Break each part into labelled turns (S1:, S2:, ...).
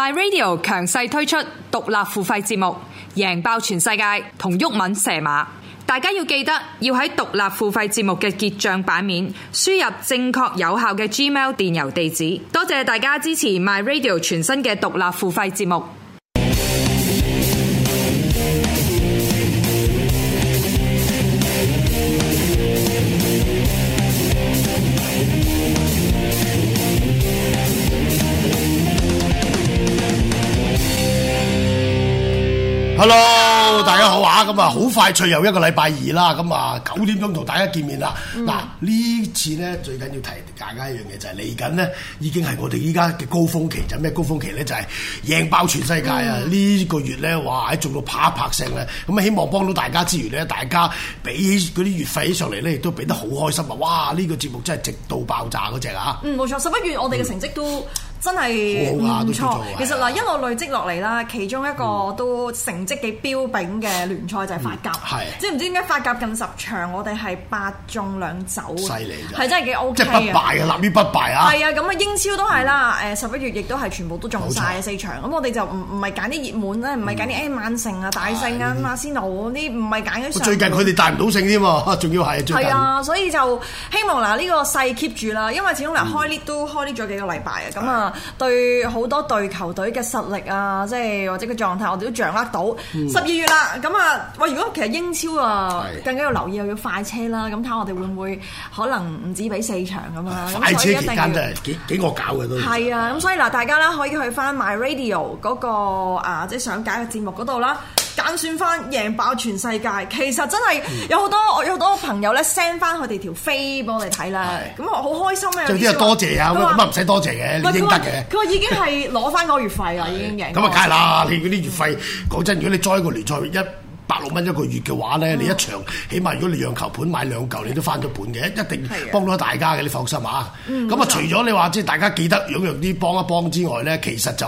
S1: My Radio 強勢推出獨立付費節目，贏爆全世界同毓民蛇馬。大家要記得要喺獨立付費節目嘅結帳版面輸入正確有效嘅 Gmail 電郵地址。多謝大家支持 My Radio 全新嘅獨立付費節目。
S2: hello，, hello. 大家好啊！咁啊，好快脆又一個禮拜二啦，咁啊九點鐘同大家見面啦。嗱、mm.，呢次咧最緊要提大家一樣嘢，就係嚟緊咧已經係我哋依家嘅高峰期，就咩高峰期咧？就係、是、贏爆全世界啊！呢、mm. 個月咧，哇喺做到啪啪聲啊！咁啊，希望幫到大家之餘咧，大家俾嗰啲月費上嚟咧，亦都俾得好開心啊！哇！呢、這個節目真係直到爆炸嗰隻啊！嗯，冇
S1: 錯，十一月我哋嘅成績都。Mm. 真係唔錯，其實嗱一路累積落嚟啦，其中一個都成績幾標炳嘅聯賽就係法甲，即係唔知點解法甲近十場我哋係八中兩走，犀利係真係幾 O K 不敗啊，立
S2: 於不敗啊！係
S1: 啊，咁啊英超都係啦，誒十一月亦都係全部都中晒四場，咁我哋就唔唔係揀啲熱門咧，唔係揀啲阿曼城啊、大勝啊、馬斯奴嗰啲，唔係揀最近佢哋
S2: 大唔到勝添喎，仲要係最係啊，
S1: 所以就希望嗱呢個勢 keep 住啦，因為始終嗱開 lift 都開 lift 咗幾個禮拜啊，咁啊。對好多對球隊嘅實力啊，即係或者個狀態，我哋都掌握到。十二、嗯、月啦，咁啊喂，如果其實英超啊，啊更加要留意又要快車啦，咁睇下我哋會唔會可能唔止畀四場咁啊？咁所以一定係
S2: 幾幾惡搞嘅都係啊！
S1: 咁、啊、所以嗱，大家啦可以去翻 MyRadio 嗰、那個啊，即係想揀嘅節目嗰度啦。揀算翻贏爆全世界，其實真係有好多我、嗯、有好多朋友咧 send 翻佢哋條飛俾我哋睇啦，咁我好開心啊！總之係多謝啊，咁啊唔
S2: 使多謝嘅，不你應得嘅說。佢話已經係
S1: 攞翻嗰月費啦， 已經贏咁啊，梗係啦！
S2: 你嗰啲月費，講 真，如果你再一年再一,一。百六蚊一個月嘅話咧，你一場起碼如果你讓球盤買兩嚿，你都翻咗本嘅，一定幫到大家嘅，你放心啊。咁啊，除咗你話即係大家記得樣樣啲幫一幫之外咧，其實就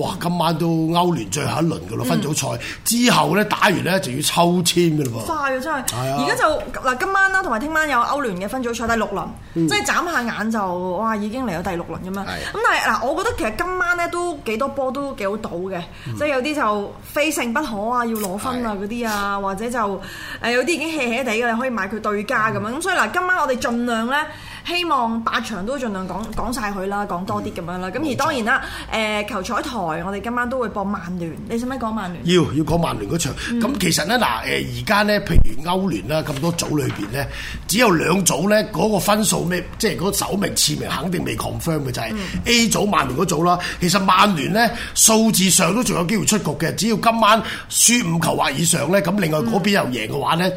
S2: 哇今晚都歐聯最後一輪嘅咯，分組賽之後咧，打完咧就要抽籤嘅喎。快啊真
S1: 係！而家就嗱今晚啦，同埋聽晚有歐聯嘅分組賽第六輪，即係眨下眼就哇已經嚟到第六輪咁樣。咁但係嗱，我覺得其實今晚咧都幾多波都幾好賭嘅，即係有啲就非勝不可啊，要攞分啊啲。啊，或者就誒、呃、有啲已經 hea hea 地嘅，你可以買佢對家咁樣，咁，所以嗱，今晚我哋盡量咧。希望八場都儘量講講曬佢啦，講多啲咁樣啦。咁而當然啦，誒球彩台我哋今晚都會播曼聯。你使唔使講曼聯？
S2: 要要講曼聯嗰場。咁其實呢，嗱誒而家呢，譬如歐聯啦，咁多組裏邊呢，只有兩組呢，嗰個分數咩，即係嗰首名次名肯定未 confirm 嘅就係 A 組曼聯嗰組啦。其實曼聯呢數字上都仲有機會出局嘅，只要今晚輸五球或以上呢，咁另外嗰邊又贏嘅話呢。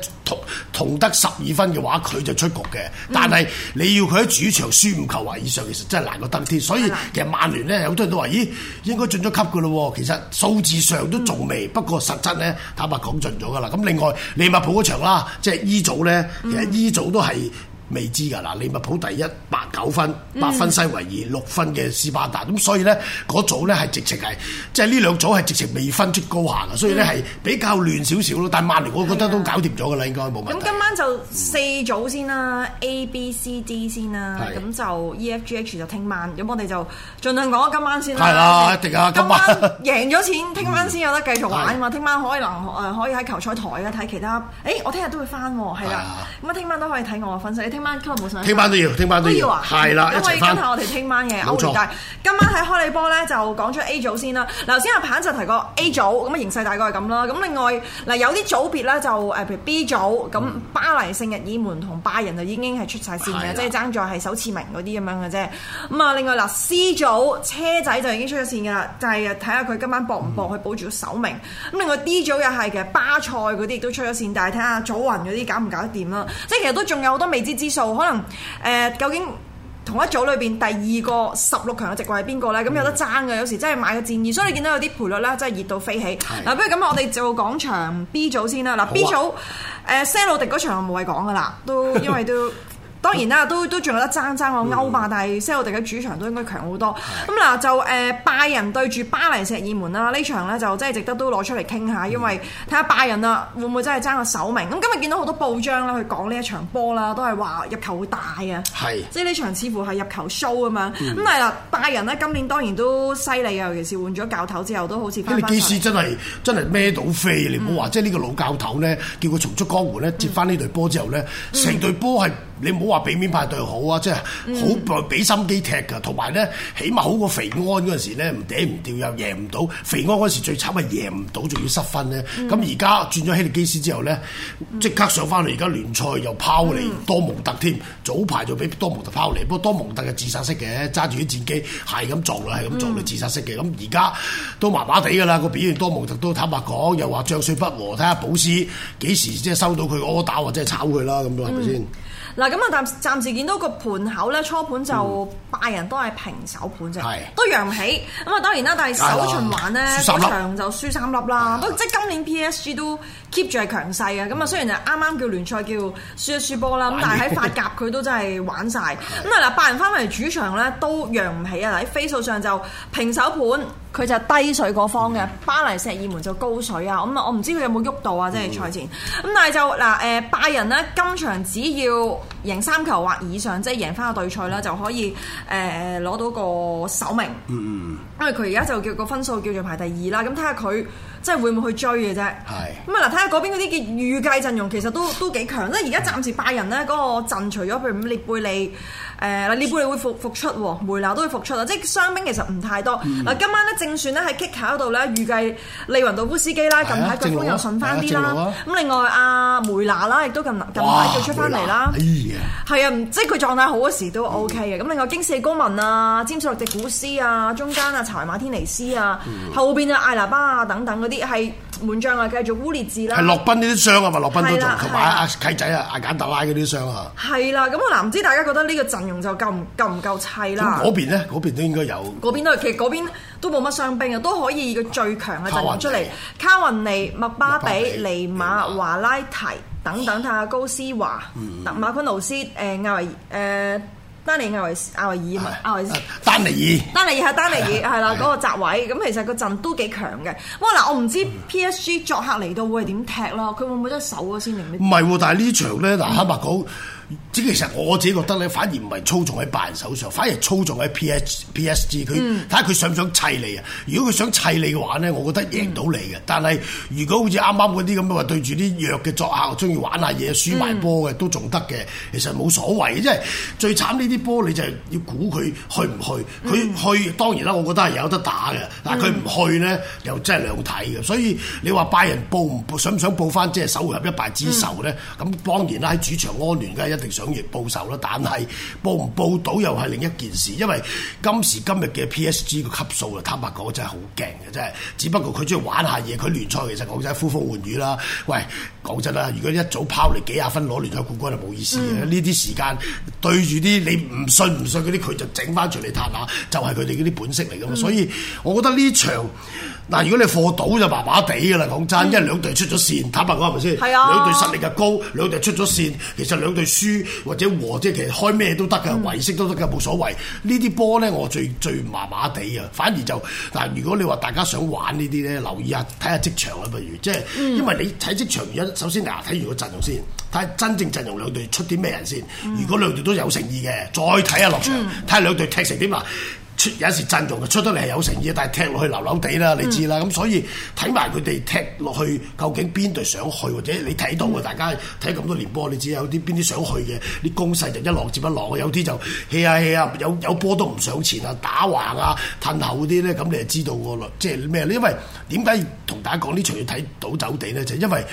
S2: 同得十二分嘅話，佢就出局嘅。但係你要佢喺主場輸五球或以上，其實真係難過登天。所以其實曼聯咧，好多人都話，咦，應該進咗級噶咯？其實數字上都仲未，嗯、不過實質咧，坦白講盡咗㗎啦。咁另外利物浦嗰場啦，即係 E 組咧，其實 E 組都係。嗯未知㗎嗱，利物浦第一八九分，八分西維爾六分嘅斯巴達。咁所以咧嗰組咧，係直情係，即係呢兩組係直情未分出高下嘅，所以咧係比較亂少少咯。但曼聯我覺得都搞掂咗㗎啦，應該冇問
S1: 題。咁今晚就四組先啦，A、B、C、D 先啦，咁就 E、F、G、H 就聽晚。咁我哋就盡量講今晚先啦。係啦，一定啊！今晚贏咗錢，聽晚先有得繼續玩啊嘛！聽晚可能誒可以喺球賽台啊睇其他。誒我聽日都會翻喎，係啦。咁啊，聽晚都可以睇我嘅分析。今晚今日冇上，聽晚都要，聽晚都要啊，係啦，一可以跟下我哋聽晚嘅。冇沒錯 歐聯大，今晚喺開你波咧就講出 A 組先啦。頭先阿鵬就提過 A 組咁嘅形勢大概係咁啦。咁另外嗱有啲組別咧就誒譬如 B 組咁，嗯、巴黎聖日耳門同拜仁就已經係出晒線嘅，即係爭在係首次名嗰啲咁樣嘅啫。咁啊、嗯、另外嗱 C 組車仔就已經出咗線噶啦，就係睇下佢今晚博唔博去保住個首名。咁另外 D 組又係嘅，巴塞嗰啲亦都出咗線，但係睇下祖雲嗰啲搞唔搞得掂啦。即係其實都仲有好多未知，知數可能誒、呃，究竟同一組裏邊第二個十六強嘅席位係邊個咧？咁、嗯、有得爭嘅，有時真係買個戰意，所以你見到有啲賠率咧真係熱到飛起。嗱是的、啊，不如咁我哋就講場 B 組先啦。嗱好、啊、B 組誒，些路迪嗰場我冇係講噶啦，都因為都。 當然啦，都都仲有得爭爭我歐霸，但係即係我哋嘅主場都應該強好多。咁嗱是的、嗯、就誒、呃、拜仁對住巴黎聖日耳門啦，呢場咧就真係值得都攞出嚟傾下，因為睇下拜仁啊會唔會真係爭個首名。咁今日見到好多報章啦，去講呢一場波啦，都係話入球會大啊。係，是的 即係呢場似乎係入球 show 啊嘛。咁係啦，拜仁呢今年當然都犀利啊，尤其是換咗教頭之後，都好似因翻。啲機師
S2: 真係真係孭到飛，你唔好話，嗯、即係呢個老教頭咧，叫佢重出江湖咧，接翻呢隊波之後咧，成隊波係。你唔好話俾面派對好啊，即係好俾心機踢㗎，同埋咧起碼好過肥安嗰陣時咧，唔頂唔掉又贏唔到。肥安嗰時最慘係贏唔到，仲要失分咧。咁而家轉咗希利基斯之後咧，即、嗯、刻上翻嚟，而家聯賽又拋離多蒙特添，早排、嗯、就俾多蒙特拋離。不過多蒙特嘅自殺式嘅，揸住啲戰機係咁撞嚟，係咁撞嚟、嗯、自殺式嘅。咁而家都麻麻地㗎啦，個表現多蒙特都坦白講，又話將帥不和，睇下保斯幾時即係收到佢嘅阿打或者係炒佢啦咁樣係咪先？
S1: 嗱，咁啊暫暫時見到個盤口咧，初盤就拜仁都係平手盤啫，嗯、都揚唔起。咁啊當然啦，但係首循環咧，哎、場就輸三粒啦。不、哎、呀即係今年 PSG 都 keep 住係強勢嘅，咁啊，雖然就啱啱叫聯賽叫輸一輸波啦，咁但係喺法甲佢都真係玩晒。咁啊嗱，拜仁翻嚟主場咧都讓唔起啊！喺飛數上就平手盤，佢就低水嗰方嘅，嗯、巴黎聖日耳門就高水啊！咁啊，我唔知佢有冇喐到啊！即係賽前。咁但係就嗱誒拜仁呢今場只要贏三球或以上，即係贏翻個對賽啦，就可以誒攞到個首名。
S2: 嗯
S1: 嗯。因為佢而家就叫個分數叫做排第二啦，咁睇下佢。即係會唔會去追嘅啫？係咁啊！嗱，睇下嗰邊嗰啲叫預計陣容，其實都都幾強。即係而家暫時拜仁咧嗰個陣除，除咗譬如列貝利。誒嗱，利物浦會復復出喎，梅拿都會復出啊！即傷兵其實唔太多。嗱，今晚咧正選咧喺 Kicker 嗰度咧預計利雲道夫斯基啦，近排腳風又順翻啲啦。咁另外阿梅拿啦，亦都近近排叫出翻嚟啦。係啊，即佢狀態好嗰時都 O K 嘅。咁另外京士高文啊、詹士洛迪古斯啊、中間啊、查馬天尼斯啊、後邊啊艾拿巴啊等等嗰啲係門將啊，繼續污列治啦。係洛賓
S2: 呢啲傷啊嘛，洛賓都仲同埋阿契仔啊、阿簡德拉嗰啲傷啊。
S1: 係啦，咁嗱，唔知大家覺得呢個陣？就夠唔夠唔夠砌啦！咁嗰邊咧？
S2: 嗰邊都應該有。
S1: 嗰邊都係，其實嗰邊都冇乜傷兵啊，都可以以個最強嘅陣出嚟。卡雲尼、麥巴比、尼馬、華拉提等等，睇下高斯華、馬昆奴斯、誒亞維、誒。丹尼亞維亞維爾啊嘛，亞維爾丹尼爾，丹尼爾係丹尼爾係啦，嗰個閘位咁，其實個陣都幾強嘅。哇嗱，我唔知 P S G 作客嚟到會點踢啦，佢會唔會得手啊？先唔係
S2: 喎，但係呢場咧嗱，坦白講，即你其實我自己覺得咧，反而唔係操縱喺拜仁手上，反而操縱喺 P S G，佢睇下佢想唔想砌你啊你？如果佢想砌你嘅話咧，我覺得贏到你嘅。你但係如果好似啱啱嗰啲咁嘅話，對住啲弱嘅作客，中意玩下嘢，輸埋波嘅都仲得嘅。其實冇所謂，即係最慘呢啲。波你就係要估佢去唔去，佢去當然啦，我覺得係有得打嘅。但係佢唔去呢，又真係兩睇嘅。所以你話拜仁報唔報，想唔想報翻即係首回合一敗之仇呢？咁、嗯、當然啦，喺主場安聯，梗係一定想要報仇啦。但係報唔報到又係另一件事，因為今時今日嘅 P S G 個級數啊，坦白講真係好勁嘅，真係。只不過佢中意玩下嘢，佢聯賽其實講真呼風喚雨啦，喂。保質啦！如果一早拋嚟幾廿分攞聯賽冠軍就冇意思嘅。呢啲、嗯、時間對住啲你唔信唔信嗰啲，佢就整翻出嚟嘆下，就係佢哋嗰啲本色嚟噶嘛。嗯、所以，我覺得呢場嗱，如果你貨到就麻麻地噶啦。講真，因為兩隊出咗線，嗯、坦白講係咪先？係是啊。兩隊實力又高，兩隊出咗線，其實兩隊輸或者和即係，其實開咩都得噶，圍色都得噶，冇所謂。呢啲波咧，我最最麻麻地啊！反而就嗱，但如果你話大家想玩呢啲咧，留意下睇下即場啊。不如。即係因為你睇即場而家。首先嗱，睇完個陣容先，睇真正陣容兩隊出啲咩人先。嗯、如果兩隊都有誠意嘅，再睇下落場，睇下兩隊踢成點啊。出有陣時陣容出得嚟係有誠意，但係踢落去流流地啦，你知啦。咁、嗯、所以睇埋佢哋踢落去，究竟邊隊想去或者你睇到嘅？嗯、大家睇咁多年波，你知有啲邊啲想去嘅？啲攻勢就一浪接一浪，有啲就 hea 啊 hea 啊，有有波都唔上前啊，打橫啊，褪後啲咧，咁你就知道個即係咩？因為點解同大家講呢場要睇倒走地咧？就是、因為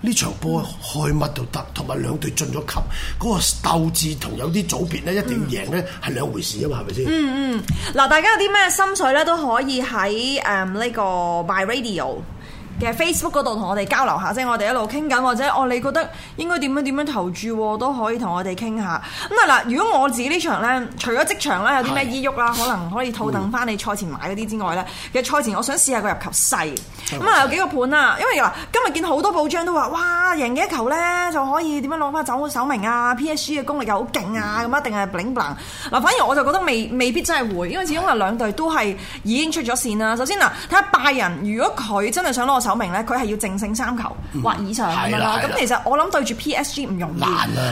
S2: 呢場波開乜都得，同埋、嗯、兩隊進咗級，嗰、那個鬥志同有啲組別咧一定要贏咧係、嗯、兩回事啊嘛，係咪先？嗯
S1: 嗯。大家有啲咩心水都可以喺誒呢個 MyRadio。嘅 Facebook 度同我哋交流下即係、就是、我哋一路傾緊，或者哦，你覺得應該點樣點樣投注都可以同我哋傾下。咁啊嗱，如果我自己場呢場咧，除咗即場咧有啲咩意喐啦，的可能可以套戥翻你賽前買嗰啲之外咧，嗯、其實賽前我想試下個入球勢。咁啊、嗯嗯，有幾個盤啊？因為嗱今日見好多報章都話哇，贏幾球咧就可以點樣攞翻走首名啊！PSG 嘅功力又好勁啊，咁一定係 bling bling。嗱，反而我就覺得未未必真係會，因為始終係兩隊都係已經出咗線啦。的首先嗱，睇下拜仁，如果佢真係想攞。首名咧，佢係要淨勝三球、嗯、或以上咁啦。咁其實我諗對住 P S G 唔容易，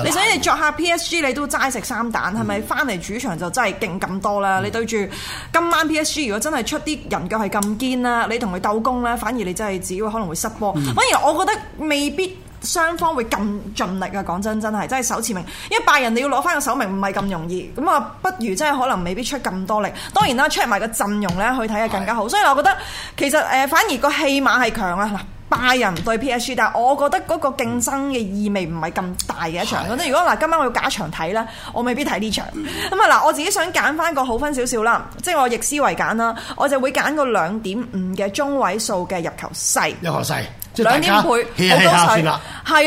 S1: 你想你作下 P S G 你都齋食三蛋，係咪、嗯？翻嚟主場就真係勁咁多啦。嗯、你對住今晚 P S G 如果真係出啲人腳係咁堅啦，你同佢鬥攻咧，反而你真係只會可能會失波。嗯、反而我覺得未必。雙方會咁盡力啊！講真，真係真係手持名，因為拜仁你要攞翻個首名唔係咁容易，咁啊不如真係可能未必出咁多力。當然啦，出埋個陣容咧，去睇係更加好。是的 所以我覺得其實誒反而個戲碼係強啊！拜仁對 PSG，但係我覺得嗰個競爭嘅意味唔係咁大嘅一場。即是的 如果嗱，今晚我要假場睇咧，我未必睇呢場。咁啊嗱，我自己想揀翻個好分少少啦，即係我逆思維揀啦，我就會揀個兩點五嘅中位數嘅入球勢。兩點倍，好多水，係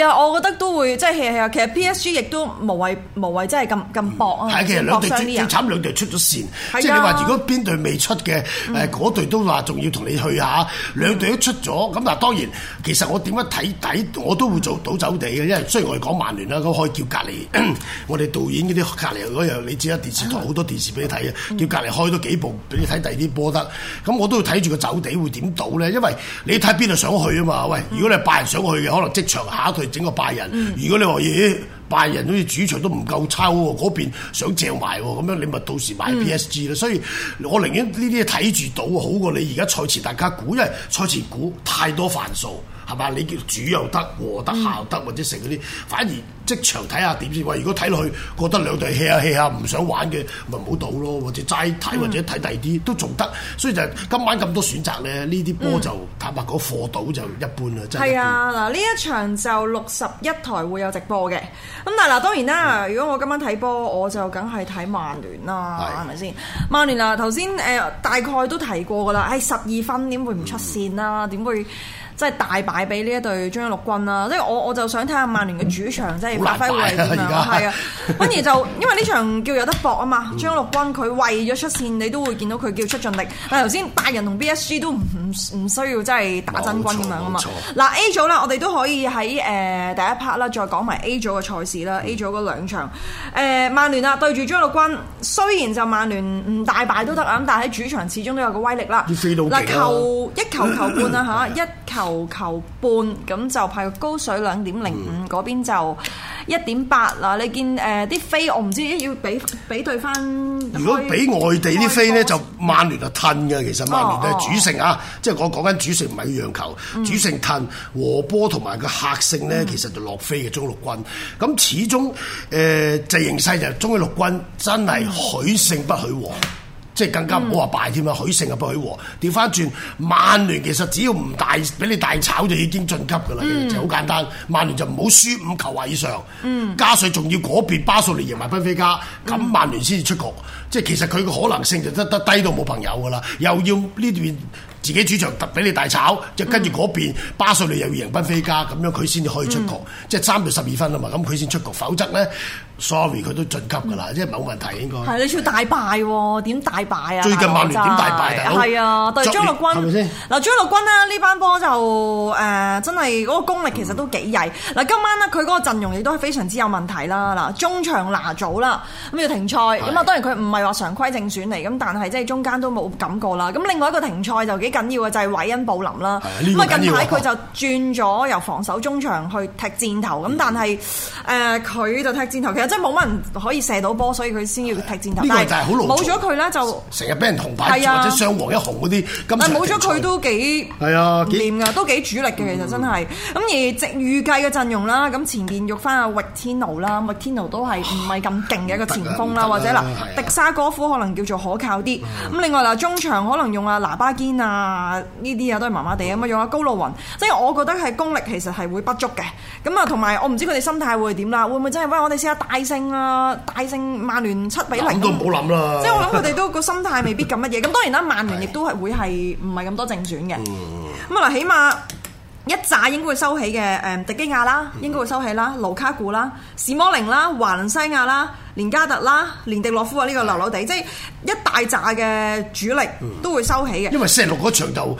S1: 啊！我覺得都會，即係係啊！其實 P S G 亦都無謂無謂，真係咁咁薄啊！係，其實兩隊最慘，
S2: 兩隊出咗線。即係你話，如果邊隊未出嘅誒，嗰隊都話仲要同你去下，兩隊都出咗。咁嗱，當然其實我點樣睇底，我都會做倒走地嘅，因為雖然我哋講曼聯啦，都可以叫隔離。我哋導演嗰啲隔離嗰樣，你知啦，電視台好多電視俾你睇嘅，叫隔離開多幾部俾你睇第二啲波得。咁我都會睇住個走地會點倒咧，因為你睇邊度想去啊嘛。如果你拜仁上去嘅，可能即場下一隊整個拜仁。嗯、如果你話咦，拜、欸、仁好似主場都唔夠抽喎，嗰邊想借埋喎，咁樣你咪到時買 P S G 啦、嗯。所以我寧願呢啲睇住賭好過你而家賽前大家估，因為賽前估太多犯數。係嘛？你叫主又得，和得效得，或者成嗰啲，反而即場睇下點先。喂，如果睇落去覺得兩隊 hea 下 hea 下，唔想玩嘅，咪唔好賭咯，或者齋睇，或者睇第二啲都仲得。所以就今晚咁多選擇咧，呢啲波就、嗯、坦白講，賀賭就一般啦。係啊，
S1: 嗱，呢一場就六十一台會有直播嘅。咁嗱嗱，當然啦，如果我今晚睇波，我就梗係睇曼聯啦，係咪先？曼聯啊，頭先誒大概都提過噶啦，係十二分點會唔出線啦、啊？點、嗯、會？即係大敗俾呢一隊中央陸軍啦，即係我我就想睇下曼聯嘅主場即係發揮會點樣？係啊，反而就因為呢場叫有得搏啊嘛，中央陸軍佢為咗出線，你都會見到佢叫出盡力。係頭先，拜仁同 BSC 都唔唔需要真係打真軍咁樣啊嘛。嗱 A 組啦，我哋都可以喺誒第一 part 啦，再講埋 A 組嘅賽事啦。A 組嗰兩場曼聯啊對住中央陸軍，雖然就曼聯唔大敗都得啊，但係喺主場始終都有個威力啦。嗱球一球球半啊嚇一球。球半咁就派個高水兩點零五，嗰邊就一點八啦，你見誒啲飛我唔知要俾俾對翻。如果俾
S2: 外地啲飛呢，就曼聯就褪嘅，其實曼聯係主勝啊，即係我講緊主勝唔係要讓球，嗯、主勝褪，和波同埋個客勝呢，其實就落飛嘅中六軍。咁、嗯、始終誒、呃，就形勢就中意六軍，真係許勝不許和。嗯即係更加唔好話敗添啊，許勝啊，不許和調返轉。曼聯其實只要唔大俾你大炒就已經進級㗎啦，其實好簡單。曼、嗯、聯就唔好輸五球或以上，嗯、加上仲要嗰邊巴素連贏埋賓菲加，咁曼聯先至出局。嗯、即係其實佢個可能性就得得低到冇朋友㗎啦，又要呢段。自己主場突俾你大炒，就跟住嗰邊巴素利又要贏賓菲加咁樣，佢先至可以出局。嗯、即係三對十二分啊嘛，咁佢先出局，否則咧，sorry 佢都晉級㗎啦，即係冇問題應該。係
S1: 你的的要大敗喎，哦？點大敗啊？最近曼聯點大敗大佬？係啊，但係張立軍先嗱？張立軍啦，呢班波就誒、呃、真係嗰個功力其實都幾曳嗱。嗯、今晚呢，佢嗰個陣容亦都係非常之有問題啦嗱，中場拿組啦咁要停賽咁啊，的當然佢唔係話常規正選嚟咁，但係即係中間都冇感覺啦。咁另外一個停賽就幾緊要嘅就係韋恩布林啦，咁啊近排佢就轉咗由防守中場去踢箭頭，咁但係誒佢就踢箭頭，其實真係冇乜人可以射到波，所以佢先要踢箭頭。但個就係好冇咗
S2: 佢咧就成日俾人紅牌，或者雙黃一紅嗰啲。咁但冇咗佢都幾係啊，唔掂噶，都幾主力
S1: 嘅，其實真係。咁而預計嘅陣容啦，咁前面用翻阿域天奴啦，域天奴都係唔係咁勁嘅一個前鋒啦，或者嗱迪沙戈夫可能叫做可靠啲。咁另外嗱中場可能用阿拿巴堅啊。啊！呢啲嘢都係麻麻地咁樣樣啊，嗯、用下高路雲，即係我覺得係功力其實係會不足嘅。咁啊，同埋我唔知佢哋心態會點啦，會唔會真係屈我哋試下大勝啊？大勝曼聯七比零，咁都唔好諗啦。即係我諗佢哋都個心態未必咁乜嘢。咁當然啦，曼聯亦都係會係唔係咁多正選嘅。咁啊，起碼一紮應該會收起嘅，誒、呃，迪基亞啦，應該會收起啦，盧卡古啦，史摩寧啦，華倫西亞啦。連加特啦，連迪洛夫啊，呢個流流地，即係一大扎嘅主力都會收
S2: 起嘅。因為星期六嗰場就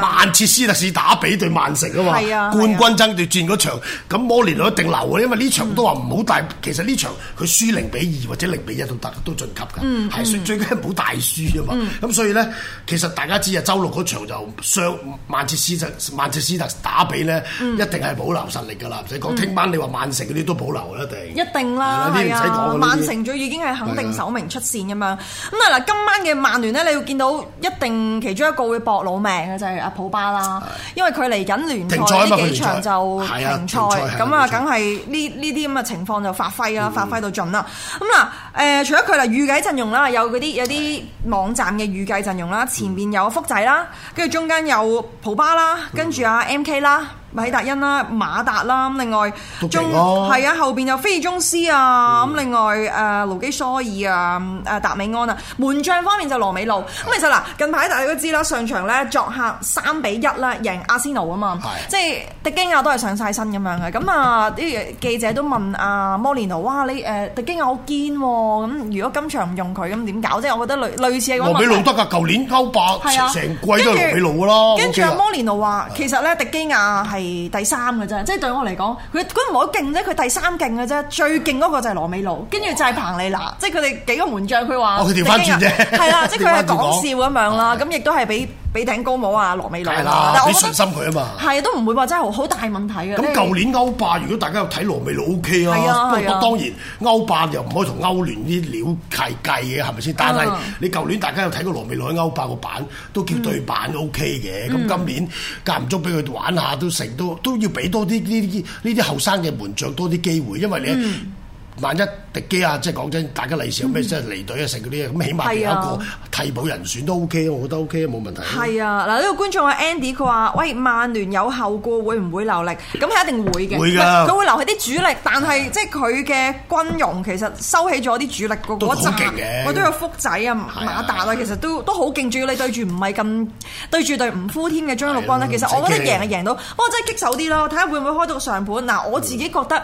S2: 曼徹斯特斯打比對曼城啊嘛，冠軍爭奪戰嗰場，咁摩連奴一定留啊，因為呢場都話唔好大。其實呢場佢輸零比二或者零比一都得，都晉級㗎。係，所以最驚唔好大輸啊嘛。咁所以咧，其實大家知啊，周六嗰場就上曼徹斯特曼徹斯特打比咧，一定係保留實力㗎啦。唔使講，聽晚你話曼城嗰啲都保留一定一
S1: 定啦，唔使講。成咗已經係肯定首名出線㗎嘛。咁啊嗱，今晚嘅曼聯咧，你會見到一定其中一個會搏老命嘅就係、是、阿普巴啦的，因為佢嚟緊聯賽呢幾場就停賽，咁啊，梗係呢呢啲咁嘅情況就發揮啦，的發揮到盡啦，咁啊、嗯。嗯誒、呃，除咗佢啦，預計陣容啦，有嗰啲有啲網站嘅預計陣容啦，前面有福仔啦，跟住中間有普巴啦，跟住阿 M K 啦，米達因啦，馬達啦，另外中係啊，後面有菲爾中斯啊，咁另外誒、呃、盧基蘇爾啊，誒達美安啊，門將方面就羅美露，咁其實嗱，近排大家都知啦，上場咧作客三比一啦的，贏阿仙奴啊嘛，即係迪基亞都係上晒身咁樣嘅，咁啊啲記者都問阿摩連奴，哇你誒迪基亞好堅喎、哦！咁如果今場唔用佢，咁點搞？即係我覺得類類似嘅話，羅美魯得噶，舊年歐霸成成整季都係羅美魯噶啦。跟住阿摩連奴話，是的 其實咧迪基亞係第三嘅啫，即係對我嚟講，佢佢唔係好勁啫，佢第三勁嘅啫，最勁嗰個就係羅美魯，跟住就係彭利娜，哇 即係佢哋幾個門將。佢話哦，佢調翻轉啫，係啦、啊，即係佢係講笑咁樣啦，咁亦都係俾，啊啊啊啊俾頂高帽啊！羅美朗，的但係我都信
S2: 心佢啊嘛，
S1: 係啊，都唔會話真係好好大問題啊。咁舊年
S2: 歐霸如果大家有睇羅美朗 O K 啊。都當當然歐霸又唔可以同歐聯啲料契計嘅係咪先？嗯、但係你舊年大家有睇過羅美朗喺歐霸個版，都叫對版 O K 嘅。咁、嗯 okay、今年間唔中俾佢玩下都成，都都，都要俾多啲呢啲呢啲後生嘅門將多啲機會，因為你。嗯萬一迪基啊，即係講真，大家利、嗯、是有咩真係離隊啊，成嗰啲啊，咁起碼有一個替補人選都 OK，我覺得 OK，冇問題。係
S1: 啊，嗱、這、呢個觀眾啊 Andy 佢話，喂，曼聯有後顧會唔會留力？咁係一定會嘅。佢會的會留係啲主力，但係的即係佢嘅軍容其實收起咗啲主力嗰嗰陣，佢都、哎、都有福仔啊、的馬達啊，其實都都好勁。主要你對住唔係咁對住對唔呼天嘅張六軍咧，其實我覺得贏係贏到。的我真係棘手啲咯，睇下會唔會開到個上盤。嗱，我自己覺得。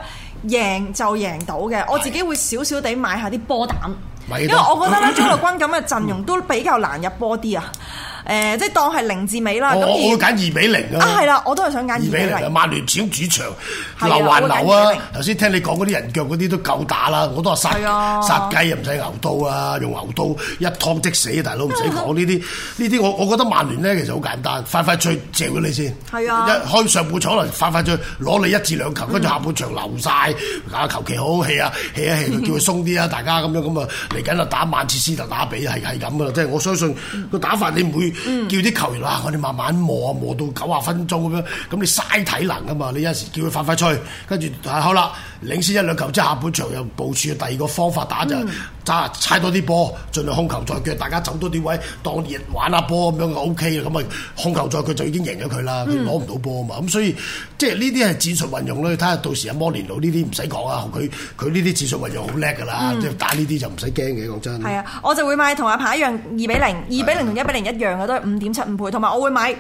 S1: 贏就贏到嘅，是的 我自己會少少地買下啲波膽，是因為我覺得咧 中立軍咁嘅陣容都比較難入波啲啊。誒，即係當係零字尾啦。咁我我會揀二
S2: 比零啊！係啦，我都係想揀二比零。曼聯小主場流還留啊！頭先聽你講嗰啲人腳嗰啲都夠打啦。我都話殺殺雞又唔使牛刀啊，用牛刀一湯即死。大佬唔使講呢啲，呢啲我我覺得曼聯呢其實好簡單，快快脆謝咗你先。係啊！一開上半場可能快快脆攞你一至兩球，跟住下半場流曬。啊，求其好氣啊，氣啊氣！叫佢鬆啲啊，大家咁樣咁啊，嚟緊啊打曼徹斯特打比係係咁噶啦。即係我相信個打法你唔會嗯、叫啲球員啊，我哋慢慢磨，啊，磨到九啊分鐘咁樣，咁你嘥體能啊嘛，你有時叫佢快快吹，跟住、啊、好啦。領先一兩球，之下半場又部署第二個方法打，就打猜、嗯、猜多啲波，盡量控球再腳，大家走多啲位，當然玩下波咁樣，就 O K 嘅，咁啊控球再佢就已經贏咗佢啦，攞唔、嗯、到波啊嘛，咁所以即係呢啲係戰術運用咧，睇下到時阿摩連奴呢啲唔使講啊，佢佢呢啲戰術運用好叻噶啦，即係、嗯、打呢啲就唔使驚嘅講真。係啊，
S1: 我就會買同阿鵬一樣，二比零，二比零同一比零一樣嘅，都係五點七五倍，同埋我會買。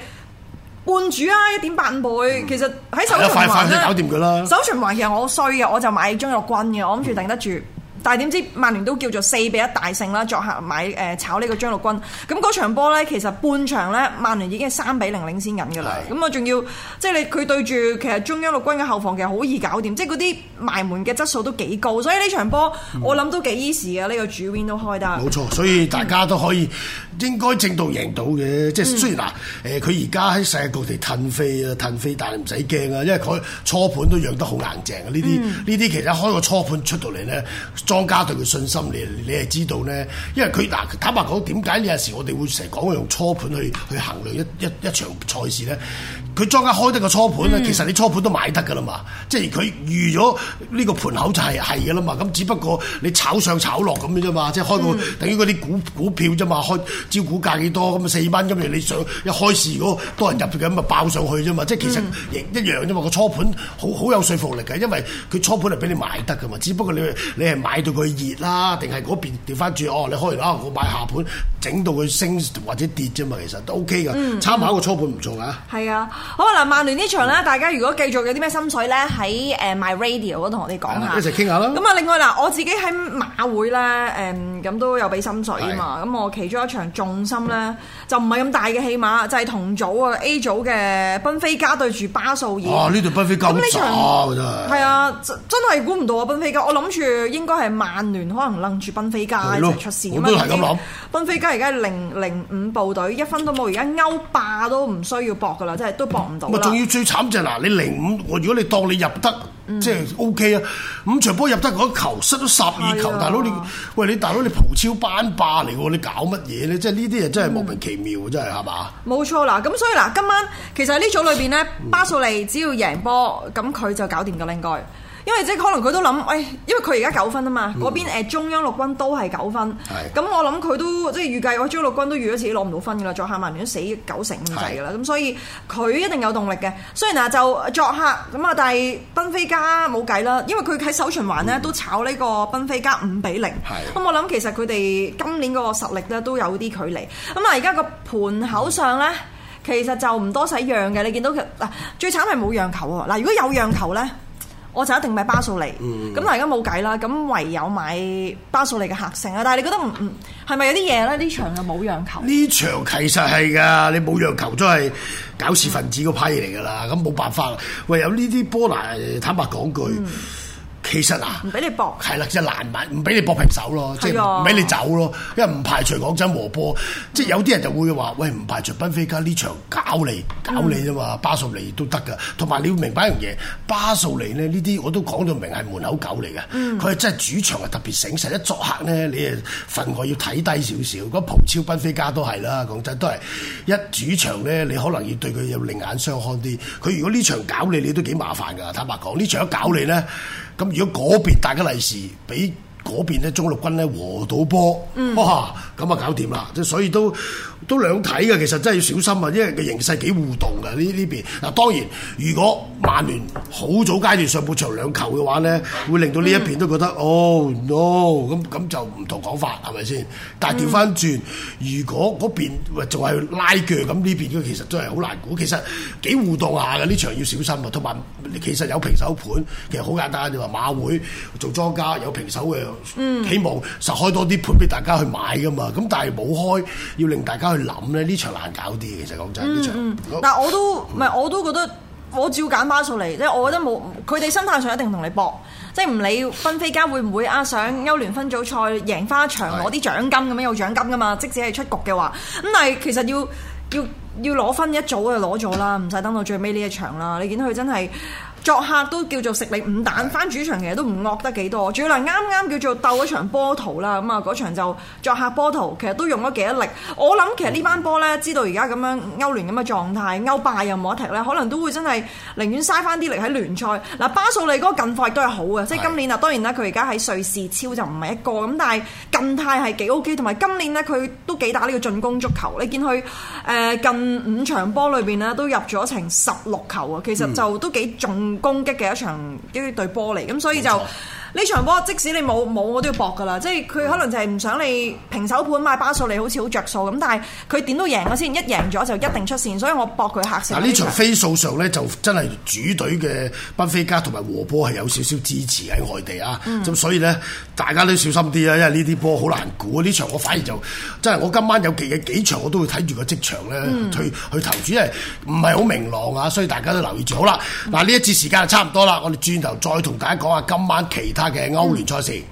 S1: 半主啊，一點八五倍，嗯、其實喺首循環都搞掂㗎喇，首循環其實我好衰嘅，我就買張有軍嘅，我諗住頂得住。嗯。但係點知曼聯都叫做四比一大勝啦，作客買誒炒呢個張陸軍咁嗰、那個、場波咧，其實半場咧曼聯已經三比零領先緊噶啦，咁我仲要即係你佢對住其實中央陸軍嘅後防其實好易搞掂，即係嗰啲埋門嘅質素都幾高，所以呢場波、嗯、我諗都幾
S2: easy 嘅呢個主 win 都開得冇錯，所以大家都可以、嗯、應該正到贏到嘅，即係、嗯、雖然嗱誒佢而家喺世界各地騰飛啊騰飛，但係唔使驚啊，因為佢初盤都養得好硬淨嘅呢啲呢啲，其實一開一個初盤出到嚟咧。莊家對佢信心你，你係知道咧。因為佢嗱坦白講，點解有時我哋會成日講用初盤去去衡量一一一場賽事咧？佢莊家開得個初盤咧，嗯、其實你初盤都買得噶啦嘛。即係佢預咗呢個盤口就係係噶啦嘛。咁只不過你炒上炒落咁啫嘛。即係開個等於嗰啲股股票啫嘛。開招股價幾多咁啊四蚊咁樣。你想一開市如果多人入去咁啊爆上去啫嘛。即係其實亦一樣啫嘛。個初盤好好，好有說服力嘅，因為佢初盤係俾你買得噶嘛。只不過你你係買。睇到佢熱啦，定係嗰邊調翻轉？哦，你開完啊，我買下盤，整到佢升或者跌啫嘛，其實都 OK 㗎。參考個初盤唔錯啊。
S1: 係啊，好啊嗱，曼聯呢場咧，大家如果繼續有啲咩心水咧，喺誒 my radio 度同我哋講下。一齊傾下啦。咁啊，另外嗱，我自己喺馬會咧，誒咁都有俾心水啊嘛。咁我其中一場重心咧就唔係咁大嘅戲碼，就係同組啊 A 組嘅賓菲加對住巴素爾。啊！呢度賓菲加咁渣嘅真係。係啊，真真係估唔到啊！賓菲加。我諗住應該係。.曼聯可能楞住賓菲加就的出事，我都係咁諗。賓菲加而家零零五部隊一分都冇，而家歐霸都唔需要搏噶啦，即係都搏唔到。仲要
S2: 最慘就係嗱，你零五我如果你當你入得，嗯、即係 O K 啊，五場波入得嗰球失咗十二球，球哎、呀 大佬你喂你大佬你葡超班霸嚟噶，你搞乜嘢咧？即係呢啲嘢真係莫名其妙，嗯、真係係嘛？
S1: 冇錯啦，咁所以嗱，今晚其實呢組裏邊咧，巴素利只要贏波，咁佢就搞掂㗎喇。因為即係可能佢都諗，誒、哎，因為佢而家九分啊嘛，嗰邊誒中央陸軍都係九分，咁是的 我諗佢都即係預計，我中央陸軍都預咗自己攞唔到分噶啦，作客曼聯死九成咁滯噶啦，咁是的 所以佢一定有動力嘅。雖然啊，就作客咁啊，但係賓菲加冇計啦，因為佢喺首循環咧都炒呢個賓菲加五比零，咁我諗其實佢哋今年個實力咧都有啲距離。咁啊，而家個盤口上咧，其實就唔多使讓嘅，你見到佢嗱最慘係冇讓球喎，嗱如果有讓球咧。我就一定買巴素利，咁而家冇計啦，咁唯有買巴素利嘅客勝啊！但係你覺得唔唔係咪有啲嘢咧？呢場就冇讓球，
S2: 呢場其實係噶，你冇讓球都係搞事分子嗰批嚟噶啦，咁冇、嗯、辦法啦。唯有呢啲波蘭，坦白講句。嗯其實啊，唔俾你搏，係啦，即、就、係、是、難買，唔俾你搏平手咯，啊、即係唔俾你走咯，因為唔排除講真，和波，嗯、即係有啲人就會話，喂，唔排除賓菲加呢場搞你，搞你啫嘛、嗯，巴素尼都得噶，同埋你要明白一樣嘢，巴素尼咧呢啲我都講到明係門口狗嚟嘅，佢、嗯、真係主場係特別醒神，一作客呢，你係份外要睇低少少，咁、那、葡、個、超賓菲加都係啦，講真都係一主場咧，你可能要對佢有另眼相看啲，佢如果呢場搞你，你都幾麻煩噶，坦白講，呢場一搞你咧。呢呢咁如果嗰邊達嘅利是，俾嗰邊咧中立軍咧和到波，嗯，哇！咁啊搞掂啦，即係所以都。都兩睇嘅，其實真係要小心啊！因為個形勢幾互動嘅，呢呢邊嗱，當然如果曼聯好早階段上半場兩球嘅話咧，會令到呢一邊都覺得哦、嗯 oh, no 咁，咁就唔同講法係咪先？但係調翻轉，嗯、如果嗰邊仲係拉鋸咁，呢邊嘅其實都係好難估。其實幾互動下嘅，呢場要小心啊！同埋其實有平手盤其實好簡單，啫話馬會做莊家有平手嘅，希望實開多啲盤俾大家去買㗎嘛。咁、嗯、但係冇開要令大家去諗咧，呢場難搞啲，其實講真，呢場。
S1: 但係我都唔係、嗯，我都覺得我照揀巴素利，即係我覺得冇佢哋心態上一定同你搏，即係唔理分飛加會唔會啊，上歐聯分組賽贏花場攞啲獎金咁樣有獎金㗎嘛，即使係出局嘅話。咁但係其實要要要攞分一早就攞咗啦，唔使等到最尾呢一場啦。你見到佢真係，作客都叫做食你五蛋，翻是的 主場其實都唔惡得幾多。主要嗱啱啱叫做鬥一場波圖啦，咁啊嗰場就作客波圖，其實都用咗幾多力。我諗其實呢班波呢，知道而家咁樣歐聯咁嘅狀態，歐霸又冇得踢呢，可能都會真係寧願嘥翻啲力喺聯賽。嗱，巴素利嗰個近況都係好嘅，即係今年啊，是的 當然啦，佢而家喺瑞士超就唔係一個咁，但係近態係幾 OK，同埋今年呢，佢都幾打呢個進攻足球。你見佢誒近五場波裏邊呢，都入咗成十六球啊，其實就都幾重。攻擊嘅一場呢對玻璃，咁所以就。呢場波即使你冇冇，我都要搏噶啦。即係佢可能就係唔想你平手盤買巴素你好似好着數咁。但係佢點都贏咗先，一贏咗就一定出線。所以我搏佢客勝嗱，場場呢場飛
S2: 數上咧就真係主隊嘅賓菲加同埋和波係有少少支持喺外地啊。咁、嗯、所以呢，大家都小心啲啊，因為呢啲波好難估。呢場我反而就真係我今晚有幾幾場我都會睇住個即場咧、嗯、去去投注，因為唔係好明朗啊，所以大家都留意住。好啦，嗱呢一節時間就差唔多啦，我哋轉頭再同大家講下今晚其他。他嘅歐聯賽事。